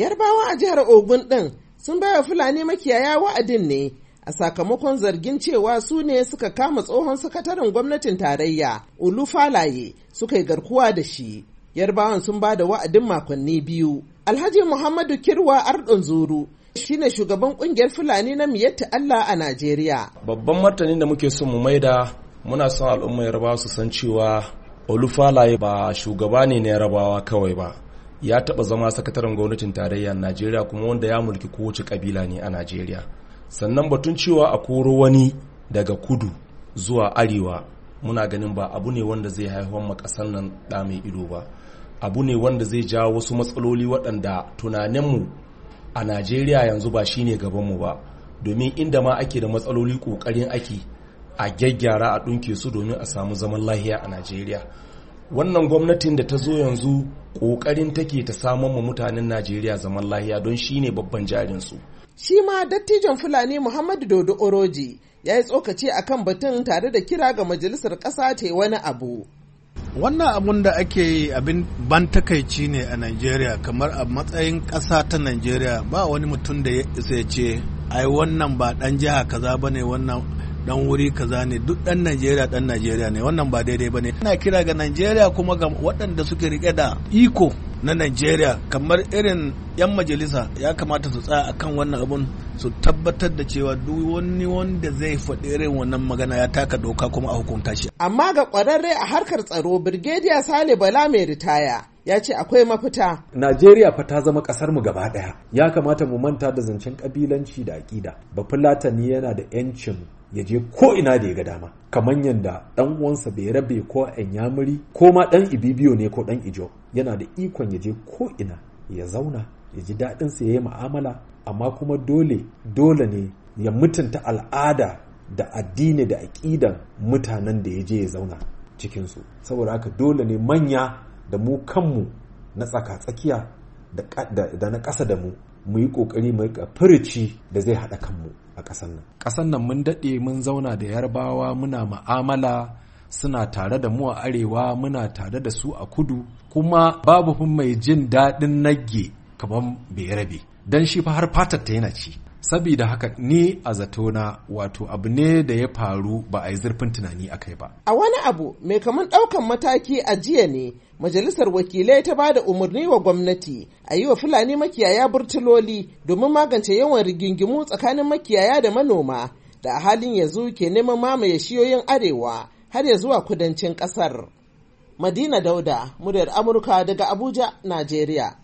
Yarbawa a jihar Ogun ɗin sun baiwa Fulani makiyaya wa'adin ne a sakamakon zargin cewa su ne suka kama tsohon sakataren gwamnatin tarayya ulu Falaye suka yi garkuwa da shi. Yarbawan sun ba da wa'adin makonni biyu. Alhaji Muhammadu Kirwa Ardon Zuru shine shugaban kungiyar Fulani na Miyatta Allah a Najeriya. Babban martani da muke son mu maida muna son al'ummar Yarbawa su san cewa Olufalaye ba shugaba ne na Yarbawa kawai ba. ya taɓa zama sakataren gwamnatin tarayyar najeriya kuma wanda ya mulki kowace kabila ne a najeriya sannan batun cewa a koro wani daga kudu zuwa arewa muna ganin ba abu ne wanda zai ma makasan nan ɗa mai ido ba abu ne wanda zai jawo wasu matsaloli waɗanda tunaninmu a najeriya yanzu ba shine gabanmu ba domin inda ma ake da matsaloli ƙoƙarin ake a gyaggyara a ɗunke su domin a samu zaman lahiya a najeriya wannan gwamnatin da ta zo yanzu ƙoƙarin take ta samun ma mutanen najeriya zaman lahiya don shine babban jarinsu shi ma dattijan fulani muhammadu dodo oroji ya yi tsokaci a kan batun tare da kira ga majalisar ƙasa ta yi wani abu wannan abun da ake yi abin ban takaici ne a najeriya kamar a matsayin ƙasa ta najeriya ba wani mutum da ya isa ce ai wannan ba ɗan jiha kaza ba ne wannan dan wuri kaza ne duk dan Najeriya dan Najeriya ne wannan ba daidai ba ne. ina kira ga Najeriya kuma ga waɗanda suke rike da iko na Najeriya kamar irin 'yan majalisa ya kamata su tsaya akan wannan abun su tabbatar da cewa duk wani wanda zai faɗi irin wannan magana ya taka doka kuma a hukunta shi. Amma ga kwararre a harkar tsaro Birgediya Sale Bala mai ritaya ya ce akwai mafita. Najeriya fa ta zama kasar mu gaba daya. Ya kamata mu manta da zancen kabilanci da akida. Bafulatani yana da yancin ya je ko ina da ya ga dama kamar yadda ɗan uwansa bai rabe ko an yamuri ko ma dan ibibiyo ne ko ɗan ijo yana da ikon ya je ko ina ya zauna ya ji daɗin sa ya yi mu'amala amma kuma dole dole ne ya mutunta al'ada da addini da aƙidan mutanen da ya je ya zauna cikinsu saboda haka dole ne manya da mu kanmu na tsaka-tsakiya da na ƙasa da mu mu yi ƙoƙari mu riƙa da zai haɗa kanmu a ƙasan nan. ƙasan nan mun daɗe mun zauna da yarbawa muna ma'amala suna tare da mu a arewa muna tare da su a kudu kuma babu mai jin daɗin nagge kamar bai rabe. Don shi fa har fatar ta yana ci sabida haka ni a zatona wato abu ne da ya faru ba a yi zurfin tunani a kai ba. A wani abu mai kaman ɗaukan mataki a jiya ne majalisar wakilai ta ba da umarni wa gwamnati a yi wa Fulani makiyaya burtuloli domin magance yawan rigingimu tsakanin makiyaya da manoma da a halin yanzu ke neman mamaye shiyoyin arewa har ya zuwa kudancin ƙasar. Madina Dauda, muryar Amurka daga Abuja, Najeriya.